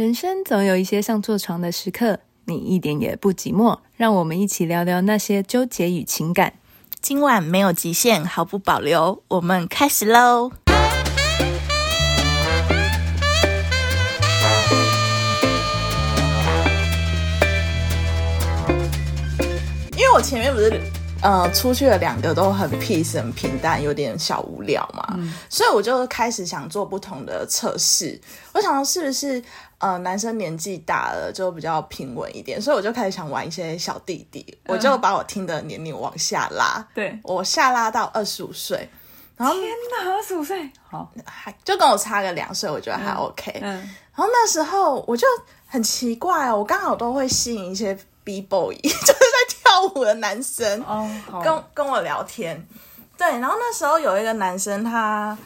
人生總有一些想上床的時刻，你一點也不寂寞。讓我們一起聊聊那些糾結與情感。今晚沒有極限，毫不保留。我們開始嘍。因為我前面不是。呃，出去的兩個都很 peace，很平淡，有點小無聊嘛，嗯、所以我就開始想做不同的測試。我想到是不是呃男生年紀大了就比較平穩一點，所以我就開始想玩一些小弟弟。呃、我就把我聽的年齡往下拉，對，我下拉到二十五歲。然後天哪，二十五歲，好，還就跟我差個兩歲，我覺得還 OK。嗯嗯、然後那時候我就很奇怪哦，我剛好都會吸引一些 B boy、嗯。 跳舞的男生，oh，跟跟我聊天，對，然後那時候有一個男生，他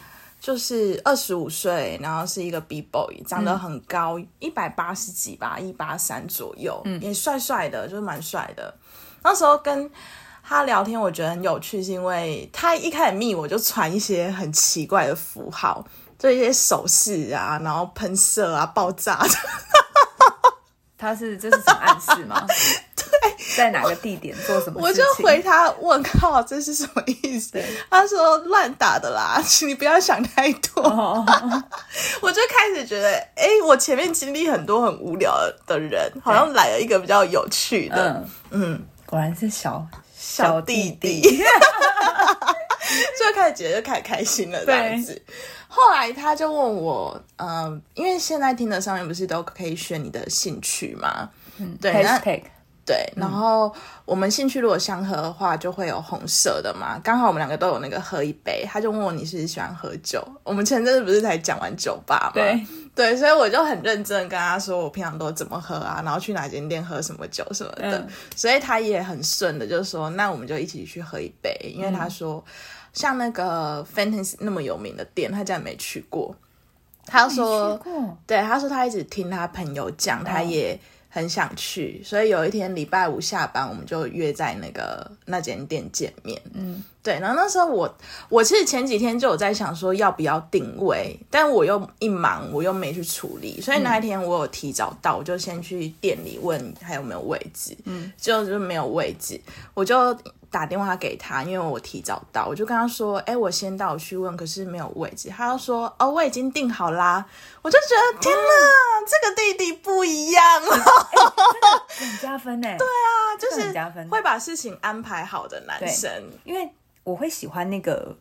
就是二十五歲，然後是一個 B boy，長得很高，一百八十幾吧，一八三左右，嗯、也帥帥的，就是蠻帥的。那時候跟他聊天，我覺得很有趣，是因為他一開始密我就傳一些很奇怪的符號，就一些手勢啊，然後噴射啊，爆炸 他是這是什麼暗示嗎？ 在哪個地點做什麼？我就回他：“問，靠，這是什麼意思？”他說：“亂打的啦，請你不要想太多。”我就開始覺得：“哎，我前面經歷很多很無聊的人，好像來了一個比較有趣的。”嗯，果然是小小弟弟。最開始覺得開開心了這樣子。後來他就問我：“嗯，因為現在聽的上面不是都可以選你的興趣嗎？”嗯，對，那。對，然後我們興趣如果相合的話，就會有紅色的嘛。剛好我們兩個都有那個喝一杯，他就問我，你是不是喜歡喝酒？我們前陣子不是才講完酒吧嘛，對對，所以我就很認真跟他說，我平常都怎麼喝啊，然後去哪間店喝什麼酒什麼的。嗯、所以他也很順的就說，那我們就一起去喝一杯，因為他說、嗯、像那個 Fantasy 那麼有名的店，他竟然沒去過。他說，對，他說他一直聽他朋友講，哦、他也。很想去，所以有一天禮拜五下班，我們就約在那個那間店見面。嗯，對。然後那時候我，我其實前幾天就有在想說要不要訂位，但我又一忙，我又沒去處理。所以那一天我有提早到，嗯、我就先去店裡問還有沒有位置。嗯，就就是沒有位置，我就。打電話給他，因為我提早到，我就跟他說：“哎、欸，我先到，我去問，可是沒有位置。”他就說：“哦，我已經訂好啦。”我就覺得天哪，嗯、這個弟弟不一樣， 欸那個、很加分呢。對啊，就是會把事情安排好的男生。因為我會喜歡那個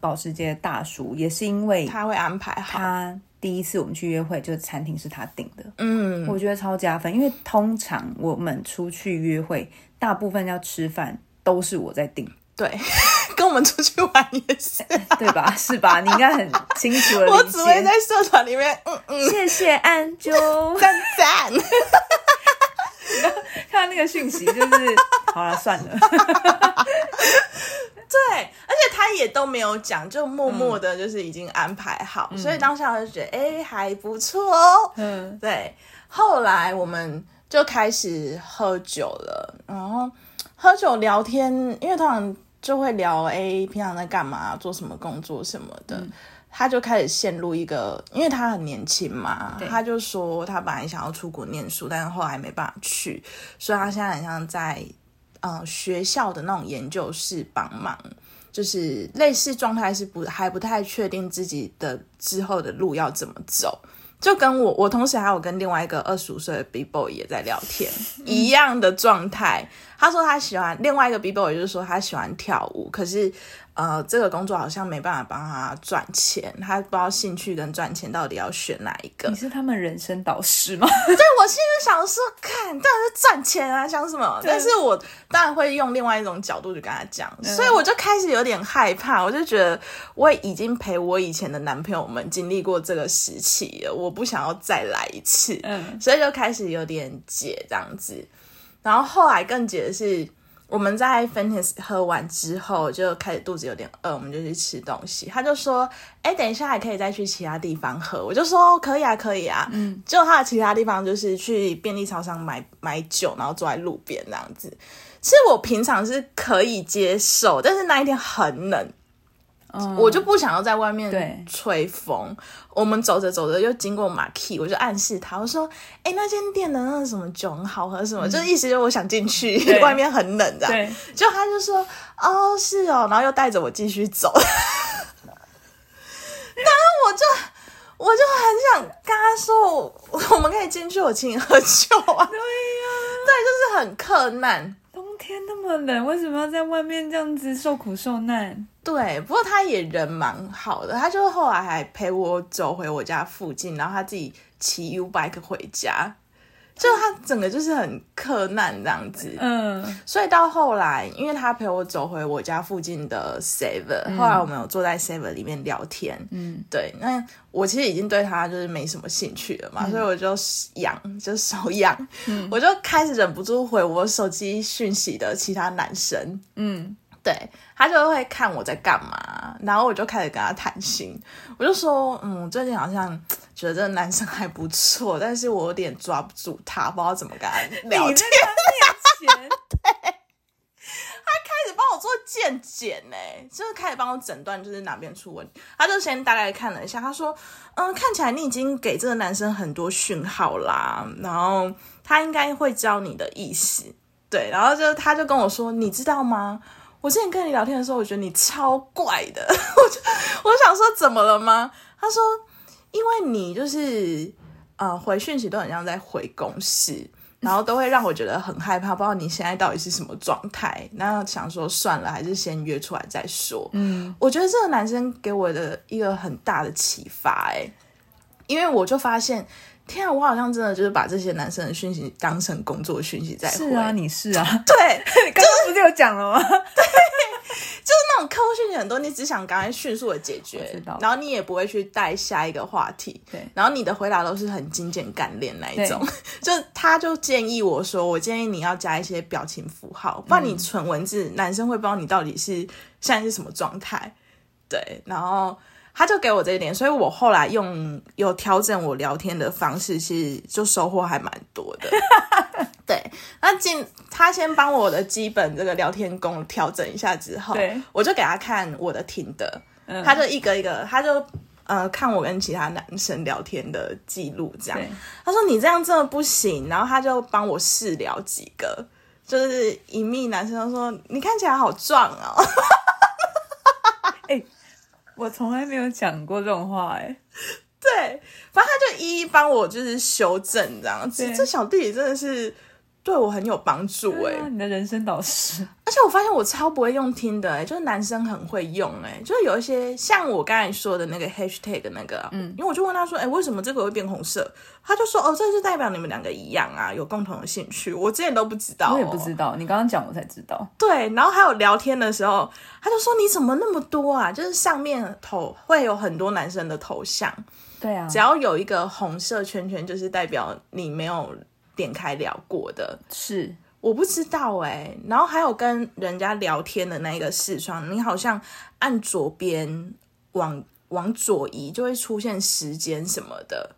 保時捷大叔，也是因為他會安排好。他第一次我們去約會，就是餐廳是他訂的。嗯，我覺得超加分，因為通常我們出去約會，大部分要吃飯。都是我在定，對，跟我們出去玩也是，啊， 對吧？是吧？你應該很清楚的。我只會在社團裡面。嗯嗯，謝謝安啾，讚讚讚。 看那個訊息就是好了、啊，算了。 對，而且他也都沒有講，就默默的，就是已經安排好。嗯、所以當時我就覺得，哎、欸，還不錯哦。嗯，對。後來我們就開始喝酒了，然後。喝酒聊天，因為通常就會聊，誒，平常在幹嘛，做什麼工作什麼的。嗯、他就開始陷入一個，因為他很年輕嘛，對他就說他本來想要出國念書，但是後來沒辦法去，所以他現在很像在呃學校的那種研究室幫忙，就是類似狀態，是不還不太確定自己的之後的路要怎麼走。就跟我，我同時還有跟另外一個二十五歲的 B boy 也在聊天一樣的狀態。嗯、他說他喜歡另外一個 B boy，也就是說他喜歡跳舞，可是。呃，這個工作好像沒辦法幫他賺錢，他不知道興趣跟賺錢到底要選哪一個。你是他們人生導師嗎？ 對，我現在想說，看當然是賺錢啊，像什麼？對但是我當然會用另外一種角度去跟他講，嗯、所以我就開始有點害怕，我就覺得我也已經陪我以前的男朋友們經歷過這個時期了，我不想要再來一次，嗯，所以就開始有點解這樣子，然後後來更解的是，我們在芬迪斯喝完之後，就開始肚子有點餓，我們就去吃東西。他就說：“哎、欸，等一下還可以再去其他地方喝。”我就說：“可以啊，可以啊。”嗯，就他的其他地方就是去便利超商買買酒，然後坐在路邊這樣子。其實我平常是可以接受，但是那一天很冷。Oh，我就不想要在外面吹風。對我們走着走着又經過馬屁，我就暗示他，我說：“哎、欸，那間店的那個什麼酒很好喝什麼？”嗯、就意思就是我想進去。啊、外面很冷的，就對他就說：“哦、oh，是哦。”然後又帶着我繼續走。然後我就我就很想跟他說，我們可以進去，我請你喝酒啊！ 對呀、啊，對，就是很客難。天那麼冷，為什麼要在外面這樣子受苦受難？對，不過他也人蠻好的，他就是後來還陪我走回我家附近，然後他自己騎 U bike 回家。就他整個就是很克難這樣子，嗯，所以到後來，因為他陪我走回我家附近的 Seven，後來我們有坐在 Seven 裡面聊天，嗯，對，那我其實已經對他就是沒什麼興趣了嘛，嗯、所以我就癢，就手癢，嗯、我就開始忍不住回我手機訊息的其他男生，嗯。對，他就會看我在幹嘛，然後我就開始跟他談心，我就說，嗯，最近好像覺得這個男生還不錯，但是我有點抓不住他，不知道怎麼跟他聊天。 對他開始幫我做健檢呢，就是開始幫我診斷，就是哪邊出問題。他就先大概看了一下，他說，嗯，看起來你已經給這個男生很多訊號啦，然後他應該會教你的意思。對，然後就他就跟我說，你知道嗎？我之前跟你聊天的時候，我覺得你超怪的，我就我想說怎麼了嗎？他說，因為你就是啊、呃、回訊息都很像在回公司，然後都會讓我覺得很害怕，不知道你現在到底是什麼狀態。那想說算了，還是先約出來再說。嗯，我覺得這個男生給我的一個很大的啟發、欸，哎，因為我就發現。天啊，我好像真的就是把這些男生的訊息當成工作訊息在回。是啊，你是啊。對，你剛剛 不是有講了嗎？ 對，就是那種客戶訊息很多，你只想趕快迅速的解決，知道，然後你也不會去帶下一個話題。對，然後你的回答都是很精簡、幹練那一種。對 就他就建議我說，我建議你要加一些表情符號，不然你純文字，嗯、男生會不知道你到底是現在是什麼狀態。對，然後。他就給我這一點，所以我後來用有調整我聊天的方式，其實就收穫還蠻多的。 對，那進他先幫我的基本這個聊天功能調整一下之後，對，我就給他看我的 Tinder，嗯、他就一個一個，他就呃看我跟其他男生聊天的記錄，這樣，對他說你這樣真的不行，然後他就幫我試聊幾個，就是一秘男生說你看起來好壯哦。 我從來沒有講過這種話哎、欸，對，反正他就一一幫我就是修正，這樣，對其實這小弟弟真的是。對我很有幫助哎、欸啊，你的人生導師。而且我發現我超不會用聽的哎、欸，就是男生很會用哎、欸，就是有一些像我剛才說的那個 hashtag 那個，嗯，因為我就問他說，哎、欸，為什麼這個會變紅色？他就說，哦，這是代表你們兩個一樣啊，有共同的興趣。我之前都不知道、哦，我也不知道，你剛剛講我才知道。對，然後還有聊天的時候，他就說你怎麼那麼多啊？就是上面頭會有很多男生的頭像，對啊，只要有一個紅色圈圈，就是代表你沒有。點開聊過的是我不知道哎、欸，然後還有跟人家聊天的那個視窗，你好像按左邊往往左移就會出現時間什麼的，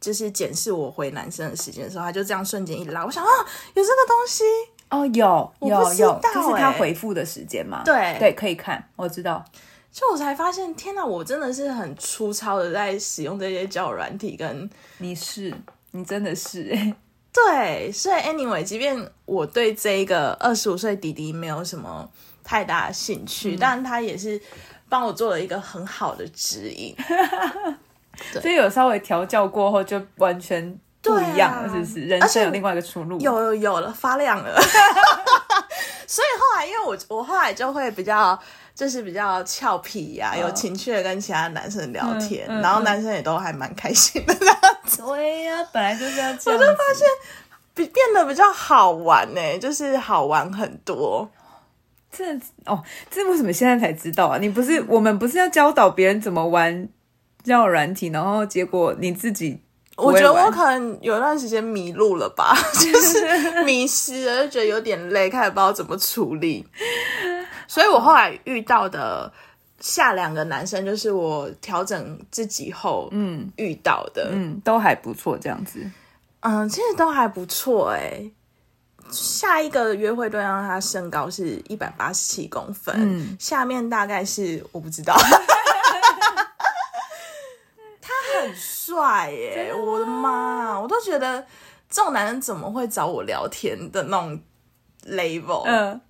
就是檢視我回男生的時間的時候，他就這樣瞬間一拉，我想啊，有這個東西哦，有，有我不知道，有，有，這是他回復的時間嗎？欸、對，對，可以看，我知道。就我才發現，天啊，我真的是很粗糙的在使用這些交友軟體跟，跟你是，你真的是、欸。對，所以 anyway，即便我對這一個二十五歲弟弟沒有什麼太大的興趣，嗯、但他也是幫我做了一個很好的指引。 對所以有稍微調教過後，就完全不一樣了，是不是？啊、人生有另外一個出路，有，有有了發亮了。 所以後來，因為我我後來就會比較。就是比較俏皮呀、啊，oh. 有情趣的跟其他男生聊天，嗯、然後男生也都還蠻開心的。對呀，本來就是要這樣子。我就發現變變得比較好玩呢、欸，就是好玩很多。這哦，這為什麼現在才知道啊？你不是我們不是要教導別人怎麼玩要軟體，然後結果你自己。我覺得我可能有一段時間迷路了吧， 就是迷失了，就覺得有點累，開始不知道怎麼處理。 所以我後來遇到的下兩個男生，就是我調整自己後，嗯，遇到的嗯，嗯，都還不錯，這樣子，嗯，其實都還不錯，哎。下一個約會對象他身高是一百八十七公分，嗯，下面大概是我不知道， 他很。帥耶！我的媽，我都覺得這種男人怎麼會找我聊天的那種 level，嗯，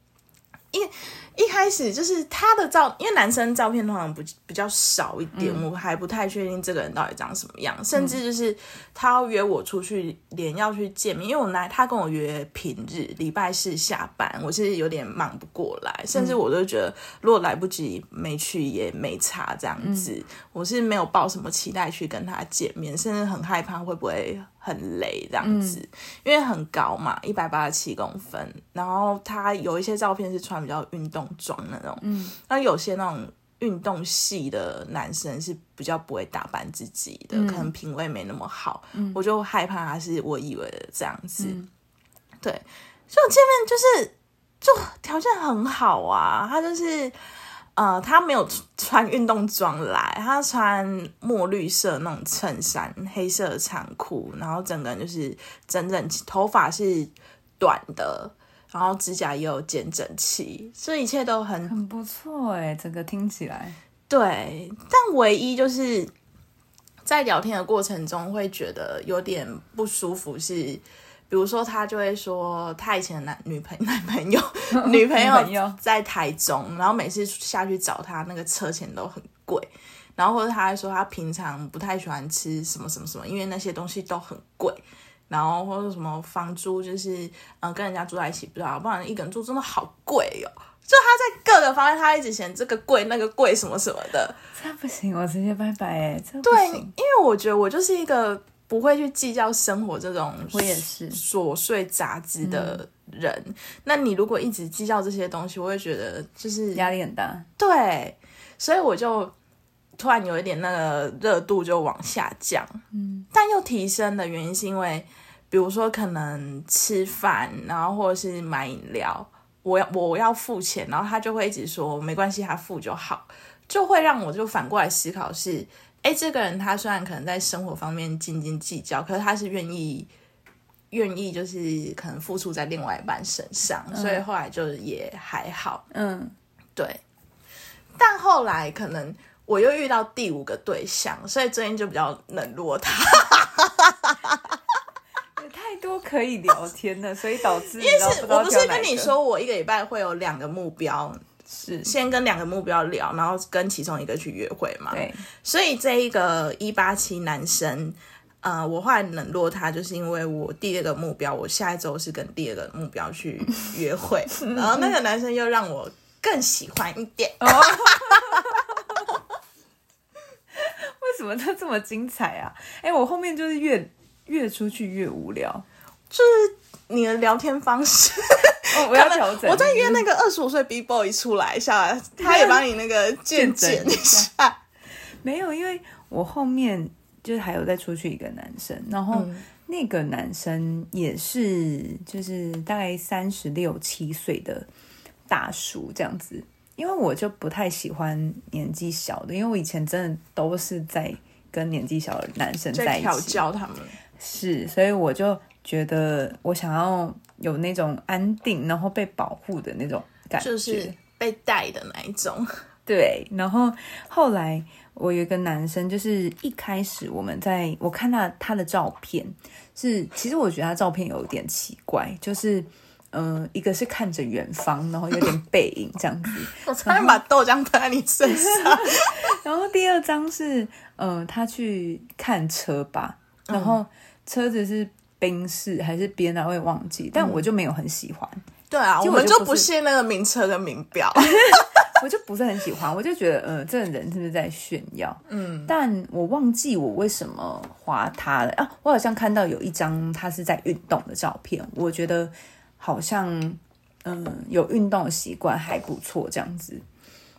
因為一開始就是他的照，因為男生照片通常不比較少一點，嗯、我還不太確定這個人到底長什麼樣，甚至就是他要約我出去，連要去見面，因為我來他跟我約平日禮拜四下班，我是有點忙不過來，甚至我都覺得如果來不及沒去也沒差這樣子，我是沒有抱什麼期待去跟他見面，甚至很害怕會不會。很累這樣子，嗯、因為很高嘛，一百八十七公分。然後他有一些照片是穿比較運動裝的那種，那、嗯、有些那種運動系的男生是比較不會打扮自己的，嗯、可能品味沒那麼好。嗯、我就害怕他是我以為的這樣子，嗯、對，所以我見面就是就條件很好啊，他就是。呃，他沒有穿運動裝來，他穿墨綠色那種襯衫、黑色的長褲，然後整個人就是整整齊，頭髮是短的，然後指甲也有剪整齊，這一切都很很不錯哎、欸，整個聽起來。對，但唯一就是在聊天的過程中會覺得有點不舒服是。比如說，他就會說他以前的男女朋男朋友，嗯、女朋友，女朋友在台中，然後每次下去找他，那個車錢都很貴。然後或者他還說他平常不太喜歡吃什麼什麼什麼，因為那些東西都很貴。然後或者什麼房租就是嗯、呃，跟人家住在一起不知道，不然一個人住真的好貴哦。就他在各個方面，他一直嫌這個貴那個貴什麼什麼的，這樣不行，我直接拜拜哎。對，因為我覺得我就是一個不會去計較生活這種，我也是瑣碎雜質的人。嗯、那你如果一直計較這些東西，我會覺得就是壓力很大。對，所以我就突然有一點那個熱度就往下降。嗯，但又提升的原因是因為，比如說可能吃飯，然後或者是買飲料，我要我要付錢，然後他就會一直說沒關係，他付就好，就會讓我就反過來思考是。哎，這個人他雖然可能在生活方面斤斤計較，可是他是願意願意，就是可能付出在另外一半身上，嗯、所以後來就也還好。嗯，對。但後來可能我又遇到第五個對象，所以最近就比較冷落他。 太多可以聊天了，所以導致因為是。意思，我不是跟你說，我一個禮拜會有兩個目標。是先跟兩個目標聊，然後跟其中一個去約會嘛？對，所以這一個一八七男生，呃，我後來冷落他，就是因為我第二個目標，我下一周是跟第二個目標去約會， 是的 然後那個男生又讓我更喜歡一點。 為什麼他這麼精彩啊？哎、欸，我後面就是越越出去越無聊，就是你的聊天方式。 哦、我要調整，我在約那個二十五歲 B boy 出來一下，下來、嗯、他也幫你那個鑑證一下、嗯。沒有，因為我後面就是還有再出去一個男生，然後那個男生也是就是大概三十六七歲的大叔這樣子，因為我就不太喜歡年紀小的，因為我以前真的都是在跟年紀小的男生在一起調教他們，是，所以我就覺得我想要。有那種安定，然後被保護的那種感覺，就是被帶的那一種。對，然後後來我有一個男生，就是一開始我們在我看到他的照片，是其實我覺得他照片有點奇怪，就是嗯、呃，一個是看着遠方，然後有點背影這樣子。 後我差點把豆漿噴在你身上。 然後第二張是嗯、呃，他去看車吧，然後車子是。冰室還是別人、啊、我也忘記，但我就沒有很喜歡。嗯、對啊，就我,就我們就不信那個名車的名表， 我就不是很喜歡。我就覺得，嗯、呃，這個人是不是在炫耀？嗯，但我忘記我為什麼滑他了啊！我好像看到有一張他是在運動的照片，我覺得好像嗯、呃、有運動習慣還不錯這樣子。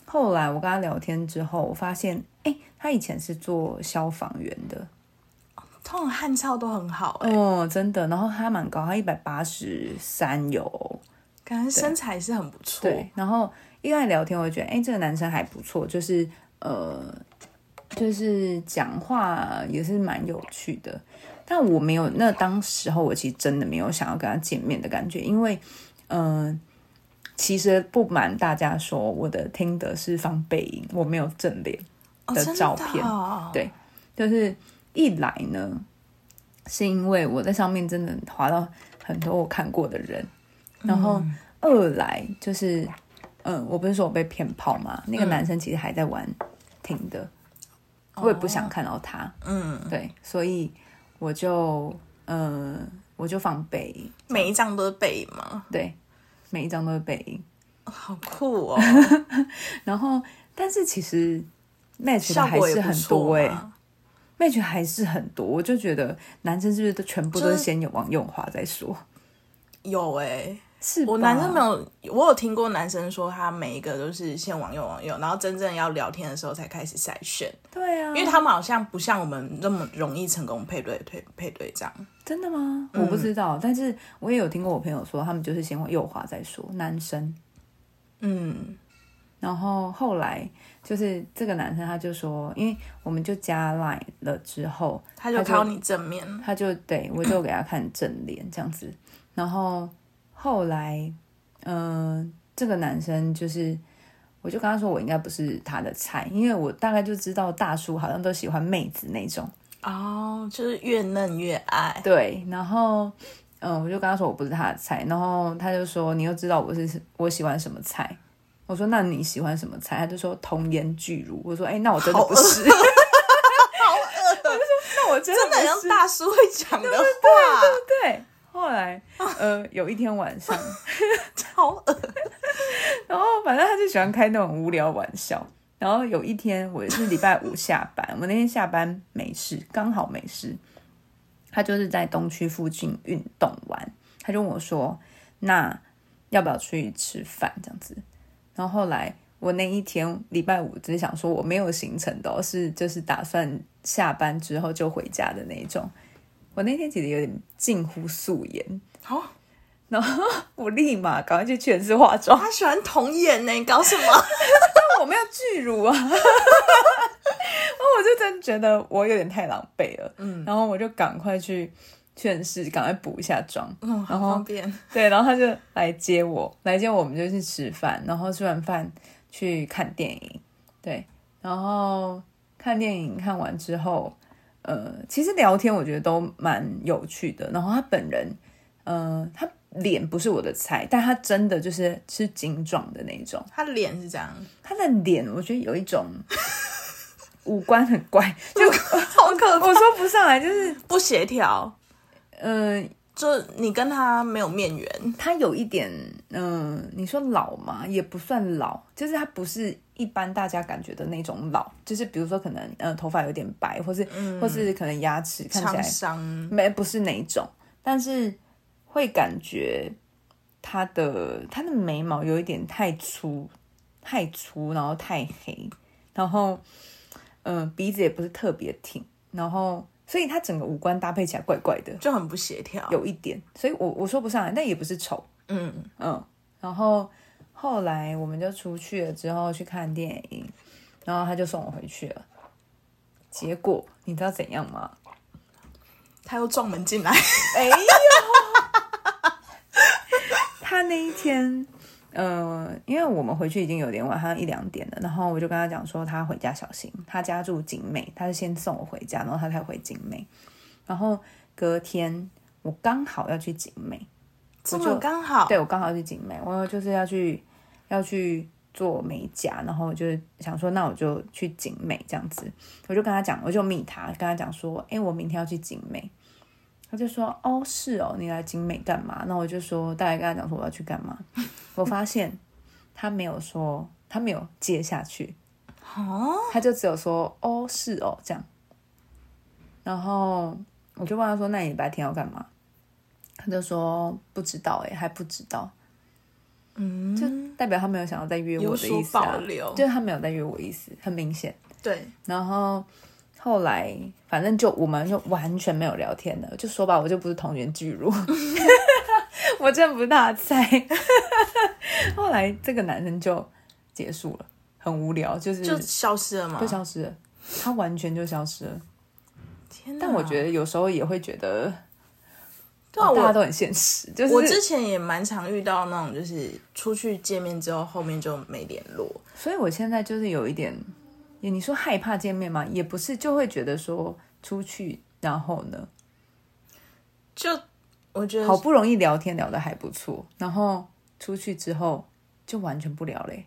後來我跟他聊天之後，我發現，哎、欸，他以前是做消防員的。通種汗臭都很好，欸，哦，真的。然後他蠻高，他一百八十三有，感覺身材對是很不錯。對，然後一開始聊天，我就覺得哎，欸，這個男生還不錯，就是呃，就是講話也是蠻有趣的。但我沒有，那當時候我其實真的沒有想要跟他見面的感覺，因為嗯、呃，其實不瞞大家說，我的聽的是放背影，我沒有正臉的照片，哦哦，對，就是。一來呢，是因為我在上面真的滑到很多我看過的人，嗯、然後二來就是，嗯，我不是說我被騙炮嘛，嗯、那個男生其實還在玩聽的，嗯、我也不想看到他，嗯、哦，對，所以我就，嗯、呃，我就放背影，每一張都是背影嗎？對，每一張都是背影，好酷哦。 然後，但是其實 Match 的還是很多哎、欸。感覺還是很多，我就覺得男生是不是都全部都是先往右滑再說？有誒、欸、是吧我男生沒有，我有聽過男生說他每一個都是先往右、往右，然後真正要聊天的時候才開始篩選。對啊，因為他們好像不像我們那麼容易成功配對配配對這樣。真的嗎？我不知道，嗯、但是我也有聽過我朋友說，他們就是先往右滑再說，男生。嗯。然後後來就是這個男生，他就說，因為我們就加 line 了之後，他就考你正面，他就對，我就給他看正臉這樣子。然後後來，嗯，這個男生就是，我就跟他說，我應該不是他的菜，因為我大概就知道大叔好像都喜歡妹子那種哦，就是越嫩越愛。對，然後嗯、呃，我就跟他說我不是他的菜，然後他就說，你又知道我是我喜歡什麼菜？我說：“那你喜歡什麼菜？”他就說：“童顏巨乳。”我說：“哎，那我真的不是。好餓”好餓！我就說：“那我真的不是大叔會講的話對對，對不對？”後來，呃，有一天晚上，好餓 餓。然後，反正他就喜歡開那種無聊玩笑。然後有一天，我是禮拜五下班，我那天下班沒事，剛好沒事。他就是在東區附近運動完，他就問我說：“那要不要出去吃飯？”這樣子。然後後來，我那一天禮拜五只是想說我沒有行程的，哦，是就是打算下班之後就回家的那一種。我那天其實有點近乎素顏，哦、然後我立馬趕快去全職化妝。他喜歡童顏呢，你搞什麼？ 但我沒有巨乳啊，我 我就真覺得我有點太狼狽了。嗯、然後我就趕快去。確實，趕快補一下妝，嗯、哦，好方便。然後，對，然後他就來接我，來接我們就去吃飯，然後吃完飯去看電影，對，然後看電影看完之後，呃，其實聊天我覺得都蠻有趣的。然後他本人，呃，他臉不是我的菜，但他真的就是吃精壯的那種。他臉是這樣？他的臉，我覺得有一種五官很怪，就 好可怕， 我說不上來，就是不協調。嗯，呃、就你跟他沒有面緣，他有一點，嗯、呃，你說老嗎？也不算老，就是他不是一般大家感覺的那種老，就是比如說可能，呃，頭髮有點白，或是、嗯、或是可能牙齒看起來沒不是哪一種，燒但是會感覺他的他的眉毛有一點太粗，太粗，然後太黑，然後嗯、呃，鼻子也不是特別挺，然後。所以他整個五官搭配起來怪怪的，就很不協調，有一點。所以我我說不上來，但也不是醜。嗯嗯。然後後來我們就出去了，之後去看電影，然後他就送我回去了。結果你知道怎樣嗎？他又撞門進來。哎呦！ 他那一天。嗯、呃，因為我們回去已經有點晚上一兩點了。然後我就跟他講說，他回家小心。他家住景美，他是先送我回家，然後他才回景美。然後隔天我剛好要去景美，我就剛好，對，我剛好去景美，我就是要去要去做美甲，然後就是想說，那我就去景美這樣子。我就跟他講，我就密他，跟他講說，誒、欸，我明天要去景美。他就說：“哦，是哦，你來景美幹嘛？”那我就說：“大概跟他講說我要去幹嘛。”我發現 他沒有說，他沒有接下去， 他就只有說：“哦，是哦，這樣。”然後我就問他說：“那你白天要幹嘛？”他就說：“不知道，耶，還不知道。”嗯，就代表他沒有想要再約我的意思、啊、保留就是他沒有再約我的意思，很明顯。對，然後。後來反正就我們就完全沒有聊天了，就說吧，我就不是同源巨乳， 我真不大在。 後來這個男生就結束了，很無聊，就是就消失了嘛，就消失了，他完全就消失了。天哪、啊！但我覺得有時候也會覺得，對啊哦、大家都很現實。我就是我之前也蠻常遇到那種，就是出去見面之後，後面就沒聯絡。所以我現在就是有一點。你說害怕見面嗎？也不是，就會覺得說出去，然後呢，就我覺得好不容易聊天聊得還不錯，然後出去之後就完全不聊嘞。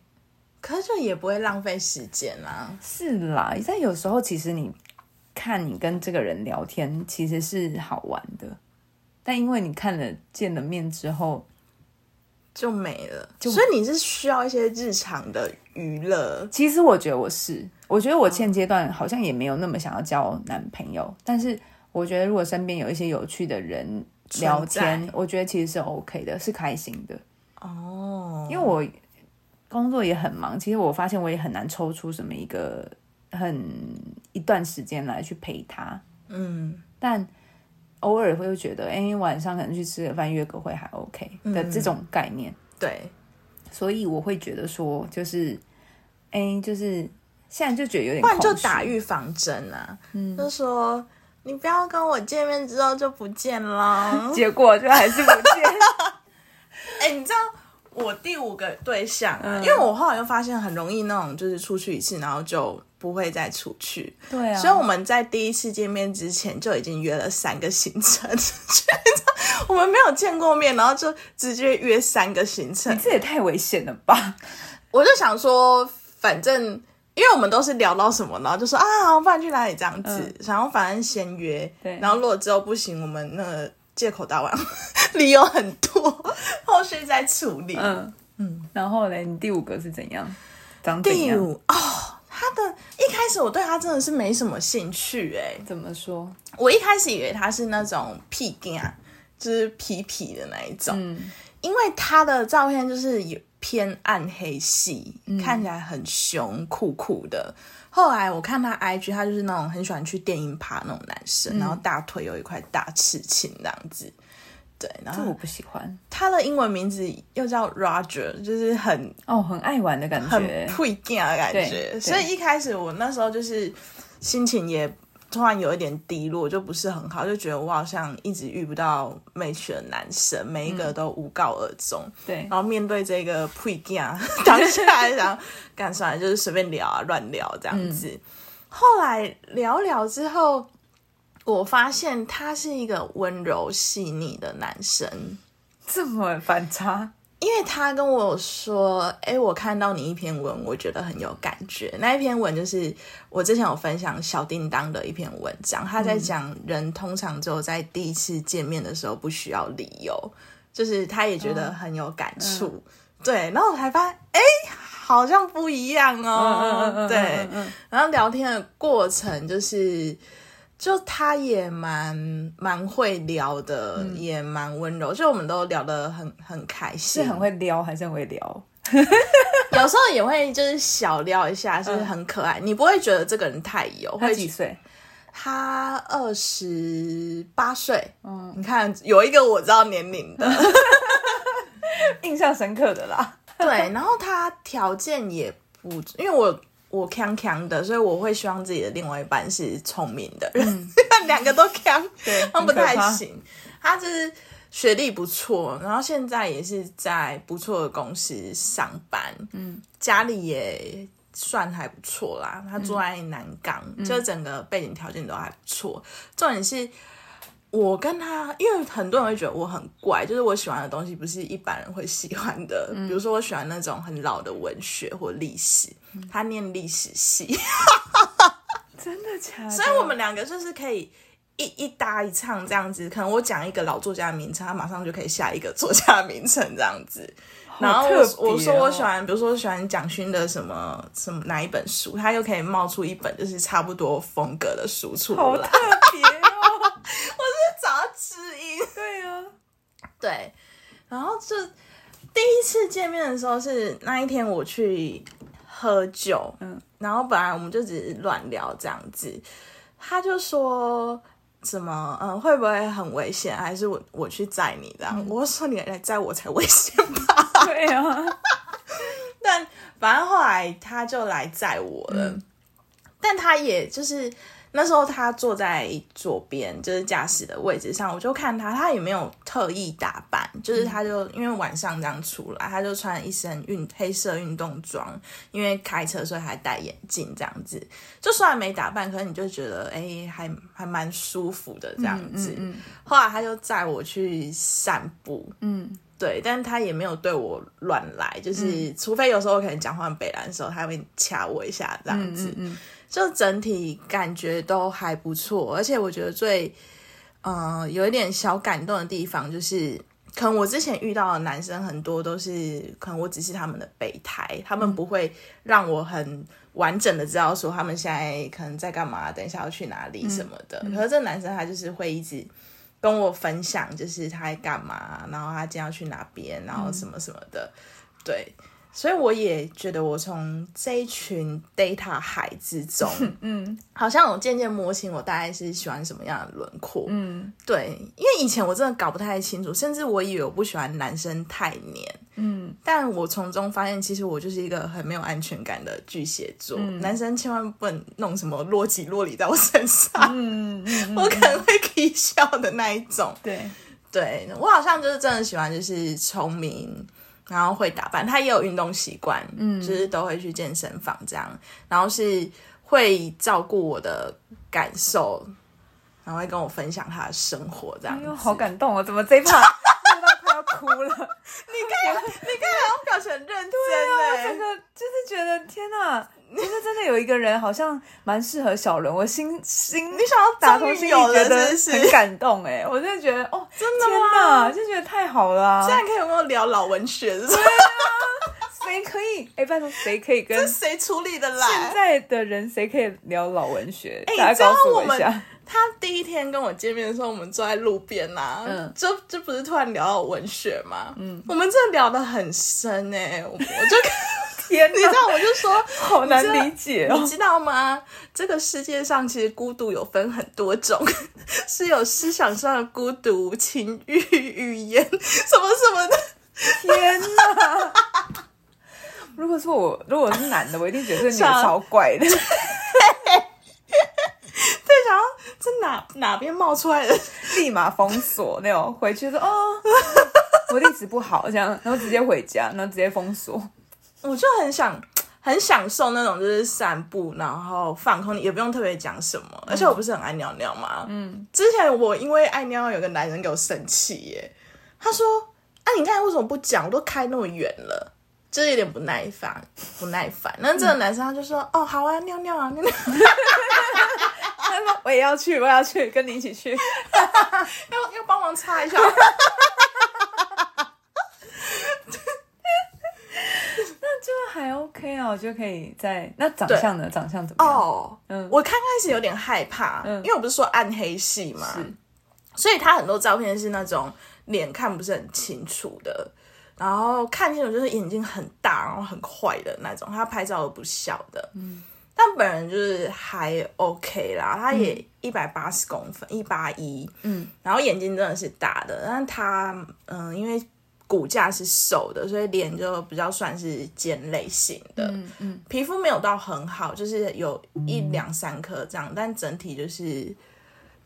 可是也不會浪費時間啊，是啦。但有時候其實你看你跟這個人聊天其實是好玩的，但因為你看了見了面之後就沒了，就所以你是需要一些日常的。娛樂，其實我覺得我是，我覺得我現階段好像也沒有那麼想要交男朋友，哦、但是我覺得如果身邊有一些有趣的人聊天，在我覺得其實是 OK 的，是開心的哦。因為我工作也很忙，其實我發現我也很難抽出什麼一個很一段時間來去陪他。嗯，但偶爾會覺得，哎、欸，晚上可能去吃個飯、約個會還 OK、嗯、的這種概念。對，所以我會覺得說，就是。哎，就是現在就覺得有點，不然就打預防針啊。嗯，就說你不要跟我見面，之後就不見了。結果就還是不見了。哎，你知道我第五個對象啊，嗯，因為我後來又發現很容易那種，就是出去一次，然後就不會再出去。對啊。所以我們在第一次見面之前就已經約了三個行程， 你知道我們沒有見過面，然後就直接約三個行程。你這也太危險了吧？我就想說。反正，因為我們都是聊到什麼，然後就說啊，好，不然去哪裡這樣子？呃、然後反正先約，對然後如果之後不行，我們那個借口大王， 理由很多，後續再處理。嗯、呃、嗯。然後嘞，你第五個是怎樣？長怎樣？第五哦，他的一開始我對他真的是沒什麼興趣哎。怎麼說？我一開始以為他是那種屁孩啊，就是皮皮的那一種，嗯、因為他的照片就是有。偏暗黑系，嗯、看起來很凶酷酷的。後來我看他 IG，他就是那種很喜歡去電影趴那種男生，嗯、然後大腿有一塊大刺青這樣子。對，然後這我不喜歡。他的英文名字又叫 Roger，就是很哦很愛玩的感覺，很屁孩的感覺。所以一開始我那時候就是心情也。突然有一點低落，就不是很好，就覺得我好像一直遇不到妹的男生，每一個都無疾而終，嗯。對，然後面對這個配件，講起來，然後， 幹啥就是隨便聊啊，亂聊這樣子。嗯、後來聊聊之後，我發現他是一個溫柔細膩的男生，這麼反差。因為他跟我說：“誒、欸、我看到你一篇文，我覺得很有感覺。那一篇文就是我之前有分享小叮噹的一篇文章，他在講人通常只有在第一次見面的時候不需要理由，嗯、就是他也覺得很有感觸。嗯、對，然後我才發現，誒哎、欸，好像不一樣哦。嗯嗯嗯嗯嗯，對，然後聊天的過程就是。”就他也蠻蠻會聊的，嗯、也蠻溫柔，就我們都聊得很很開心。是很會撩還是很會聊？有 時候也會就是小撩一下，就是很可愛。你不會覺得這個人太油？會幾歲？他二十八歲。嗯，你看有一個我知道年齡的， 印象深刻的啦。對，然後他條件也不，因為我。我強強的，所以我會希望自己的另外一半是聰明的，兩、嗯、 個都強， 對他們不太行。他就是學歷不錯，然後現在也是在不錯的公司上班，嗯，家裡也算還不錯啦。他住在南港，嗯、就整個背景條件都還不錯。重點是。我跟他，因為很多人會覺得我很怪，就是我喜歡的東西不是一般人會喜歡的。嗯、比如說，我喜歡那種很老的文學或歷史，嗯、他念歷史系， 真的假的？所以我們兩個就是可以一一搭一唱這樣子。可能我講一個老作家的名稱，他馬上就可以下一個作家的名稱這樣子。然後我，、哦、我說我喜歡，比如說我喜歡蔣勳的什麼什麼哪一本書，他又可以冒出一本就是差不多風格的書出來，好特別哦。對，然後就第一次見面的時候是那一天我去喝酒，嗯，然後本來我們就只是亂聊這樣子，他就說怎麼嗯、呃、會不會很危險？還是我我去載你這樣？嗯、我說你來載我才危險吧？對啊、嗯， 但反正後來他就來載我了，嗯、但他也就是。那時候他坐在左邊，就是駕駛的位置上，我就看他，他也沒有特意打扮，就是他就因為晚上這樣出來，他就穿一身運黑色運動裝，因為開車所以還戴眼鏡這樣子，就雖然沒打扮，可是你就覺得哎、欸，還還蠻舒服的這樣子。後來他就載我去散步，嗯，對，但他也沒有對我亂來，就是除非有時候我可能講話很白爛的時候，他會掐我一下這樣子。就整體感覺都還不錯，而且我覺得最，嗯、呃、有一點小感動的地方，就是可能我之前遇到的男生很多都是，可能我只是他們的備胎，他們不會讓我很完整的知道說他們現在可能在幹嘛，等一下要去哪裡什麼的。嗯、可是這男生他就是會一直跟我分享，就是他在幹嘛，然後他今天要去哪邊，然後什麼什麼的，嗯、對。所以我也覺得，我從這一群 data 海之中， 嗯，好像我漸漸摸清我大概是喜歡什麼樣的輪廓，嗯，對，因為以前我真的搞不太清楚，甚至我以為我不喜歡男生太黏，嗯，但我從中發現，其實我就是一個很沒有安全感的巨蟹座，嗯，男生千萬不能弄什麼若即若離在我身上，嗯，嗯嗯 我可能會起笑的那一種，對，對，我好像就是真的喜歡，就是聰明。然後會打扮，他也有運動習慣，嗯，就是都會去健身房這樣。嗯、然後是會照顧我的感受，然後會跟我分享他的生活這樣。哎呦，好感動啊！我怎麼這一趴怕到快要哭了？ 你看，你看我表情很認真的，真的、對啊，就是覺得天哪！其實真的有一個人，好像蠻適合小人，我心心，你想要打通心裡覺得很感動哎、欸，我真的覺得哦，真的嗎、啊？就覺得太好了、啊。現在可以有沒有聊老文學是？對啊，誰可以？哎、 欸，拜託誰可以跟誰處理的啦，現在的人誰可以聊老文學？哎、欸，大家告訴我一下，我們，他第一天跟我見面的時候，我們坐在路邊吶、啊，這這、嗯、不是突然聊到文學嘛，嗯，我們真的聊得很深哎、欸，我就。 天、啊，你知道我就說好難理解、哦你，你知道嗎？這個世界上其實孤獨有分很多種，是有思想上的孤獨、情欲語言什麼什麼的。天哪、啊！ 如果說我如果我是男的，我一定覺得這個女的超怪的。在想， 對想要這哪哪邊冒出來的，立馬封鎖，那種回去說哦，我的詞不好這樣，然後直接回家，然後直接封鎖。我就很想很享受那種，就是散步，然後放空，也不用特別講什麼。而且我不是很愛尿尿嘛，嗯。之前我因為愛尿尿，有個男人給我生氣耶。他說：“啊，你剛才為什麼不講？我都開那麼遠了，就是有點不耐煩，不耐煩。”那這個男生他就說：“嗯、哦，好啊，尿尿啊，尿尿。”他說：“我也要去，我也要去，跟你一起去。 要”要要幫忙擦一下。 可以啊、哦，就可以在那長相呢？對長相怎麼樣？哦，oh, 嗯，我剛開始有點害怕，嗯，因為我不是說暗黑系嘛，是，所以他很多照片是那種臉看不是很清楚的，然後看清楚就是眼睛很大，然後很壞的那種。他拍照都不笑的，嗯，但本人就是還 OK 啦，他也一百八十公分，一八一，嗯，1, 嗯，然後眼睛真的是大的，但他，嗯，因為。骨架是瘦的，所以臉就比較算是尖類型的。嗯嗯，嗯，皮膚沒有到很好，就是有一兩三顆這樣，嗯、但整體就是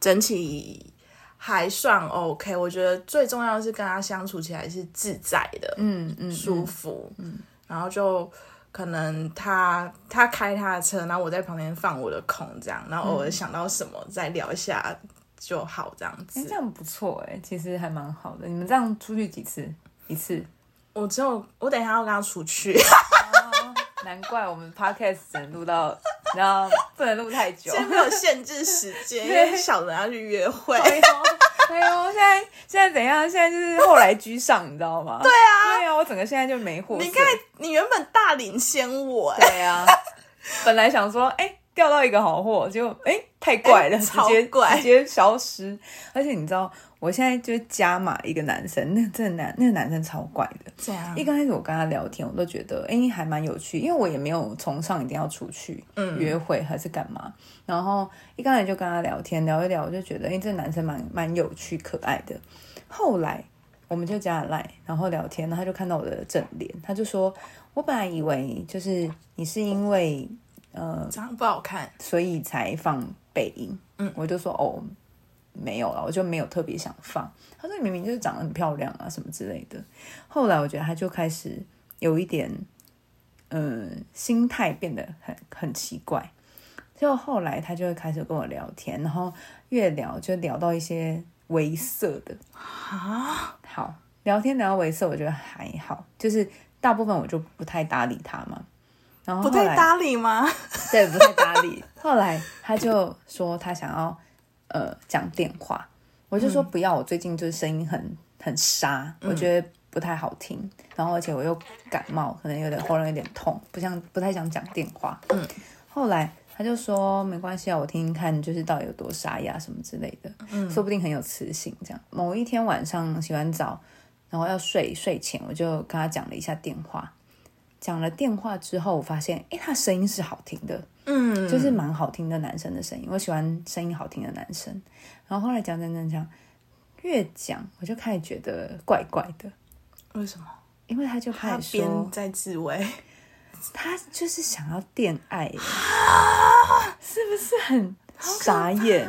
整體還算 OK。我覺得最重要的是跟他相處起來是自在的，嗯嗯，嗯，舒服。嗯，然後就可能他他開他的車，然後我在旁邊放我的空這樣，然後偶爾想到什麼再聊一下就好這樣子。欸、這樣不錯哎、欸，其實還蠻好的。你們這樣出去幾次？一次，我只有我等一下要跟他出去，啊、難怪我們 Podcast 能錄到，然後不能錄太久，因為有限制時間，因為想人要去約會。哎呦、哦，哎呦、哦，現在現在怎樣？現在就是後來居上，你知道嗎？對啊，哎呦、哦，我整個現在就沒貨。你看，你原本大領先我。欸，對啊， 本來想說，哎、欸，釣到一個好貨，結果哎、欸，太怪了，欸，怪直接怪直接消失，而且你知道。我現在就加碼一個男生，那這男、那個男生超怪的，啊、一剛開始我跟他聊天，我都覺得哎、欸、還蠻有趣，因為我也沒有從上一定要出去、嗯、約會還是幹嘛，然後一剛才就跟他聊天聊一聊，我就覺得哎、欸、這男生蠻蠻有趣可愛的。後來我們就加了 Line，然後聊天，然後他就看到我的正臉，他就說，我本來以為就是你是因為呃長得不好看，所以才放背影，嗯，我就說哦。沒有了，我就沒有特別想放。他說：“你明明就是長得很漂亮啊，什麼之類的。”後來我覺得他就開始有一點，嗯、呃，心態變得很很奇怪。就後來他就開始跟我聊天，然後越聊就聊到一些猥瑣的啊。蛤好，聊天聊到猥瑣我覺得還好，就是大部分我就不太搭理他嘛。然後，後不太搭理嗎？ 對，不太搭理。後來他就說他想要。呃，講電話，我就說不要。嗯、我最近就是聲音很很沙，我覺得不太好聽。嗯、然後，而且我又感冒，可能有點喉嚨有點痛，不想不太想講電話。嗯、後來他就說沒關係啊，我聽聽看，就是到底有多沙啞、啊、什麼之類的。嗯、說不定很有磁性。這樣，某一天晚上洗完澡，然後要睡，睡前我就跟他講了一下電話。講了電話之後，我發現，哎、欸，他聲音是好聽的，嗯，就是蠻好聽的男生的聲音。我喜歡聲音好聽的男生。然後後來講講講講，越講我就開始覺得怪怪的。為什麼？因為他就開始在自慰，他就是想要電愛啊、欸， 是不是很傻眼？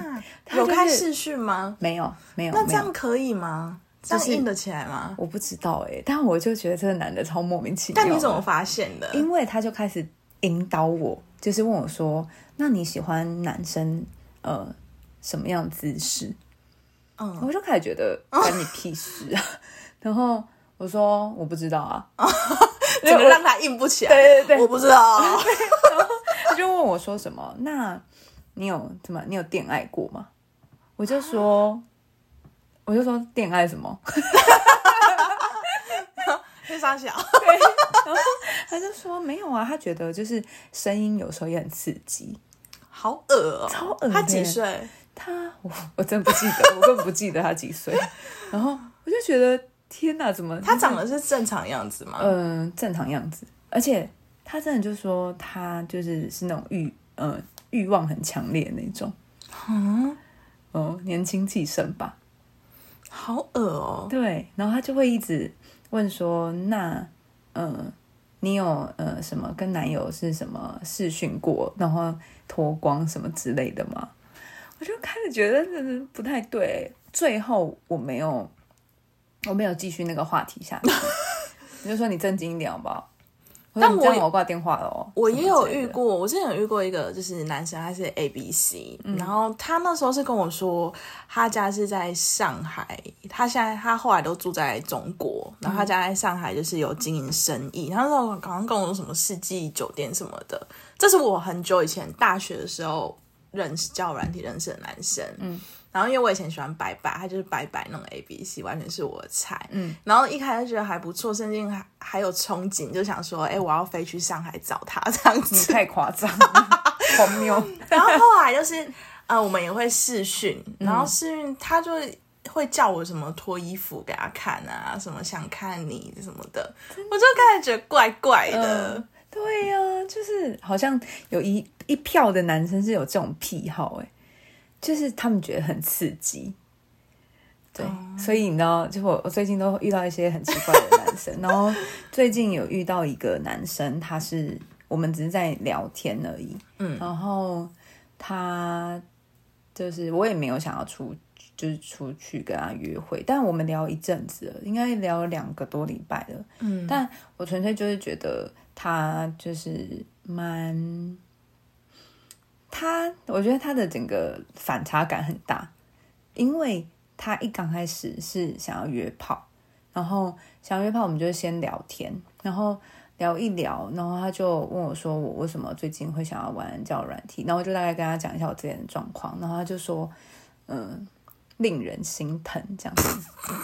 就是、有開視訊嗎？沒有，沒有，那這樣可以嗎？他硬但 得起來嗎？我不知道哎、欸，但我就覺得這個男的超莫名其妙。那你怎麼發現的？因為他就開始引導我，就是問我說：“那你喜歡男生呃什麼樣姿勢？”嗯，我就開始覺得關你屁事啊！哦、然後我說：“我不知道啊。哦”怎麼我讓他硬不起來？對對對，我不知道、哦。 然後他就問我說：“什麼？那你有怎麼？你有電愛過嗎？”我就說。啊我就說戀愛什麼，非常小。對。然後他就說沒有啊，他覺得就是聲音有時候也很刺激，好噁噁、喔，超噁噁。他幾歲？他我我真不記得，我根本不記得他幾歲。 然後我就覺得天哪，怎麼他長得是正常樣子嗎？嗯，正常樣子。而且他真的就說他就是是那種欲，嗯，欲望很強烈那種。嗯，哦，年輕氣盛吧。好惡哦、喔，對，然後他就會一直問說：“那，嗯、呃，你有呃什麼跟男友是什麼視訊過，然後脫光什麼之類的嗎？”我就開始覺得這是不太對，最後我沒有，我沒有繼續那個話題下去， 你就說你正經一點好不好？但我掛電話了哦。 我也有遇過， 我之前有遇過一個，就是男生，他是 A B C，、嗯、然後他那時候是跟我說，他家是在上海，他現在他後來都住在中國，然後他家在上海就是有經營生意，嗯、他那時候剛剛跟我說什麼世紀酒店什麼的，這是我很久以前大學的時候認識，叫軟體認識的男生，嗯。嗯然後因為我以前喜歡白白，他就是白白那種 A B C，完全是我的菜。嗯，然後一開始覺得還不錯，甚至還還有憧憬，就想說：“哎、欸，我要飛去上海找他。”這樣子太誇張了，朋友 妙。然後後來就是，呃，我們也會視訊，然後視訊、嗯、他就會叫我什麼脫衣服給他看啊，什麼想看你什麼的，我就開始覺得怪怪的。呃、對呀、啊，就是好像有一一票的男生是有這種癖好，哎。就是他們覺得很刺激，對，oh. 所以你知道，就我我最近都遇到一些很奇怪的男生， 然後最近有遇到一個男生，他是我們只是在聊天而已，嗯。然後他就是我也沒有想要出，就是出去跟他約會，但我們聊一陣子了，應該聊兩個多禮拜了，嗯。但我純粹就是覺得他就是蠻。他，我覺得他的整個反差感很大，因為他一剛開始是想要約炮，然後想約炮，我們就先聊天，然後聊一聊，然後他就問我說我為什麼最近會想要玩叫軟體，然後我就大概跟他講一下我之前的狀況，然後他就說，嗯，令人心疼這樣子，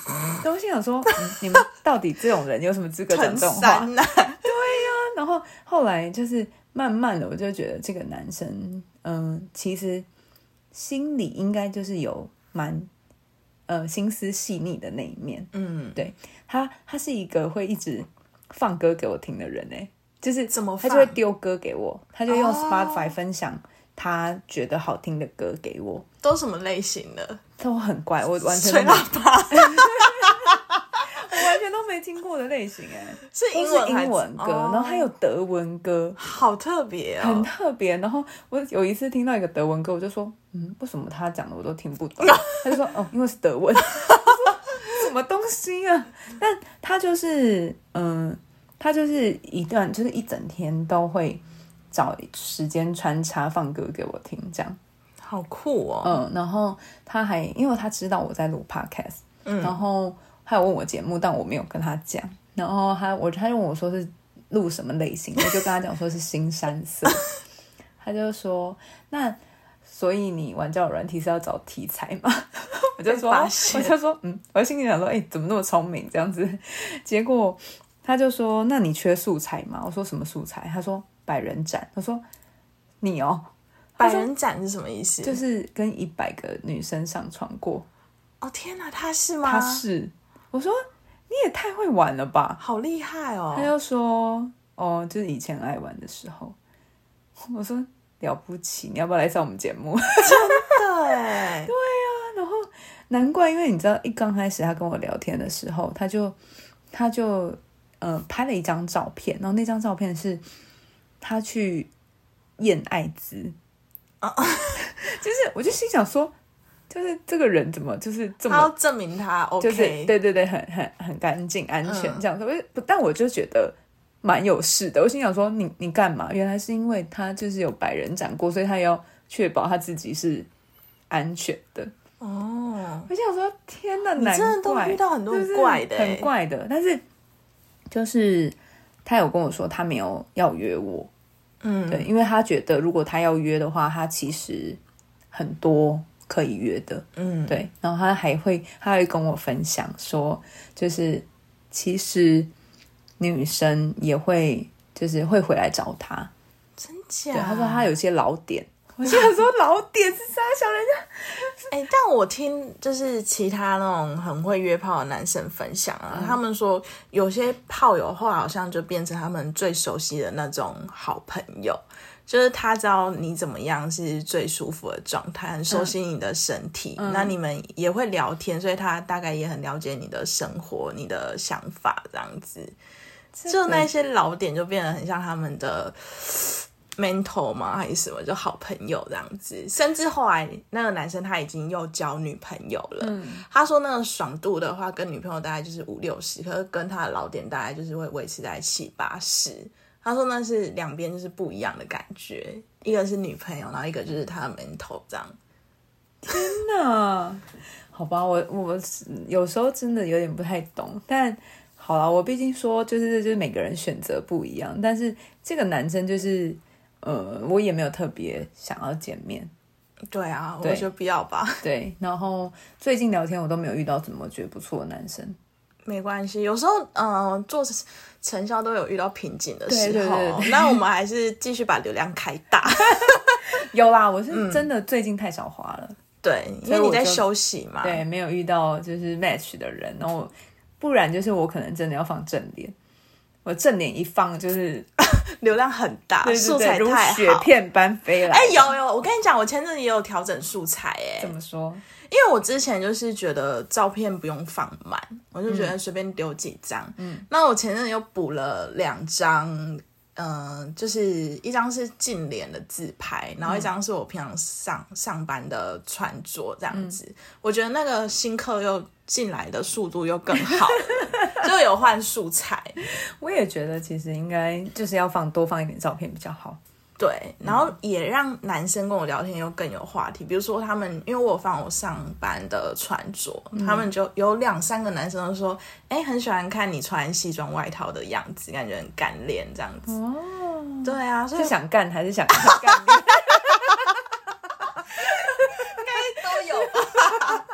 然後我心想說、嗯、你們到底這種人有什麼資格講這種話？啊、對呀、啊，然後後來就是。慢慢的，我就覺得這個男生，嗯，其實心裡應該就是有蠻，呃，心思細膩的那一面。嗯，對，他，他是一個會一直放歌給我聽的人，呢，就是怎麼他就會丟歌給我，他就用 Spotify 分享他覺得好聽的歌給我。嗯、都什麼類型的？都很怪，我完全沒辦法。 完全都沒聽過的類型，哎，是英文還是英文歌？然後還有德文歌，哦、好特別、哦，很特別。然後我有一次聽到一個德文歌，我就說，嗯，為什麼他講的我都聽不懂？ 他就說，哦，因為是德文。 什麼東西啊？但他就是，嗯，他就是一段，就是一整天都會找時間穿插放歌給我聽，這樣。好酷哦，嗯。然後他還，因為他知道我在錄 podcast，嗯，然後。他有問我節目，但我沒有跟他講。然後他，我他就問我說是錄什麼類型，我 就跟他講說是腥羶色。 他就說：“那所以你玩交友軟體是要找題材嗎？”我就說：“我就說，嗯，我就心裡想說，哎、欸，怎麼那麼聰明這樣子？”結果他就說：“那你缺素材嗎？”我說：“什麼素材？”他說：“百人斬。”他說：“你哦，百人斬是什麼意思？就是跟一百個女生上床過。哦”哦天哪，他是嗎？他是。我說你也太會玩了吧，好厲害哦！他就說，哦，就是以前愛玩的時候。我說了不起，你要不要來上我們節目？真的？ 對啊，然後難怪，因為你知道，一剛開始他跟我聊天的時候，他就他就呃拍了一張照片，然後那張照片是他去驗艾滋啊， 就是我就心想說。就是這個人怎麼就是這麼他要證明他？就是對對對，很很很乾淨、安全這樣子。嗯，但我就覺得蠻有事的。我心想說你：“你你幹嘛？”原來是因為他就是有百人斬過，所以他要確保他自己是安全的。哦，而且我說：“天哪，真的都遇到很多怪的、很怪的。”欸，但是就是他有跟我說，他沒有要約我。嗯，對，因為他覺得如果他要約的話，他其實很多。可以約的，嗯，對，然後他還會，他會跟我分享說，就是其實女生也會，就是會回來找他，真假？對，他說他有些老點， 我想說老點是啥小，人家、 欸，但我聽就是其他那種很會約炮的男生分享啊，嗯、他們說有些炮友後來好像就變成他們最熟悉的那種好朋友。就是他知道你怎麼樣是最舒服的狀態，很熟悉你的身體。嗯、那你們也會聊天，所以他大概也很了解你的生活、你的想法這樣子。就那些老點就變得很像他們的 mental 嗎？還是什麼？就好朋友這樣子。甚至後來那個男生他已經又交女朋友了。嗯、他說那個爽度的話，跟女朋友大概就是五六十，可是跟他的老點大概就是會維持在七八十。他說那是兩邊就是不一樣的感覺，一個是女朋友，然後一個就是他們頭這樣。天吶，好吧，我我有時候真的有點不太懂。但好了，我畢竟說就是就是每個人選擇不一樣。但是這個男生就是，呃，我也沒有特別想要見面。對啊，對我就不要吧。對，然後最近聊天我都沒有遇到怎麼覺得不錯的男生。沒關係，有時候嗯、呃、做成效都有遇到瓶頸的時候，對對對，那我們還是繼續把流量開大。 有啦，我是真的最近太少花了，嗯，對，因為你在休息嘛，對，沒有遇到就是 match 的人，然後不然就是我可能真的要放正臉，我正臉一放就是。 流量很大，對對對，素材太好，雪片般飛來了。哎、欸，有有，我跟你講，我前陣子也有調整素材、欸，哎，怎麼說？因為我之前就是覺得照片不用放滿，嗯、我就覺得隨便丟幾張。嗯，那我前陣又補了兩張。嗯、呃，就是一張是近臉的自拍，然後一張是我平常上上班的穿着這樣子。嗯、我覺得那個新客又進來的速度又更好， 就有換素材。我也覺得其實應該就是要放多放一點照片比較好。對，然後也讓男生跟我聊天又更有話題。嗯、比如說，他們因為我放我上班的穿着，嗯、他們就有兩三個男生都說：“哎，很喜歡看你穿西裝外套的樣子，感覺很幹練。”這樣子。哦、對啊，所以是想幹還是想幹、幹練？ 應該都有吧。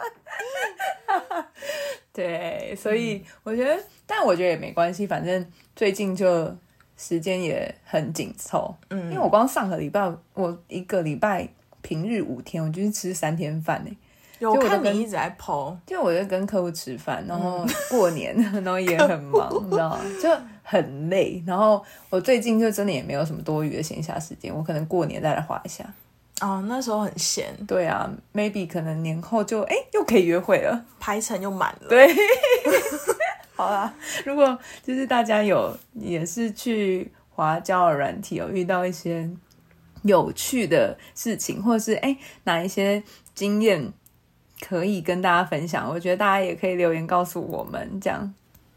對，所以我覺得，嗯、但我覺得也沒關係，反正最近就。時間也很緊湊，嗯，因為我光上個禮拜，我一個禮拜平日五天，我就是吃三天飯呢、欸。有就我就看你一直在剖，因為我在跟客戶吃飯，然後過年，嗯、 然後也很忙，惡你知道嗎？就很累。然後我最近就真的也沒有什麼多餘的閒暇時間，我可能過年再來畫一下。哦，那時候很閒。對啊，maybe 可能年後就哎、欸、又可以約會了，排程又滿了。對。 好啦、啊，如果就是大家有也是去華交的軟體，有遇到一些有趣的事情，或是哎、欸、哪一些經驗可以跟大家分享，我覺得大家也可以留言告訴我們，這樣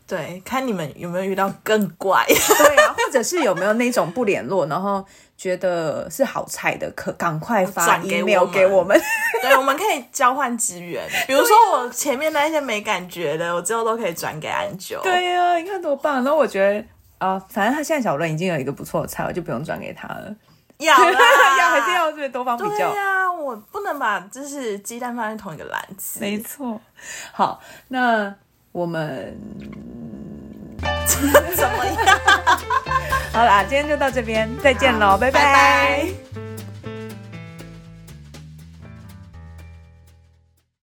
對，看你們有沒有遇到更怪，對啊，或者是有沒有那種不聯絡， 然後。覺得是好菜的，可趕快發 email 給我們，我們 對，我們可以交換資源。比如說我前面那些沒感覺的， 啊、我之後都可以轉給 Angie 對呀、啊，你看多棒！然後我覺得，啊、呃，反正他現在小輪已經有一個不錯的菜，我就不用轉給他了。啦 要要還是要對多方比較呀、啊？我不能把就是雞蛋放在同一個籃子。沒錯。好，那我們。 怎麼樣？ 好了啊，今天就到這邊，再見嘍，好拜拜。拜拜。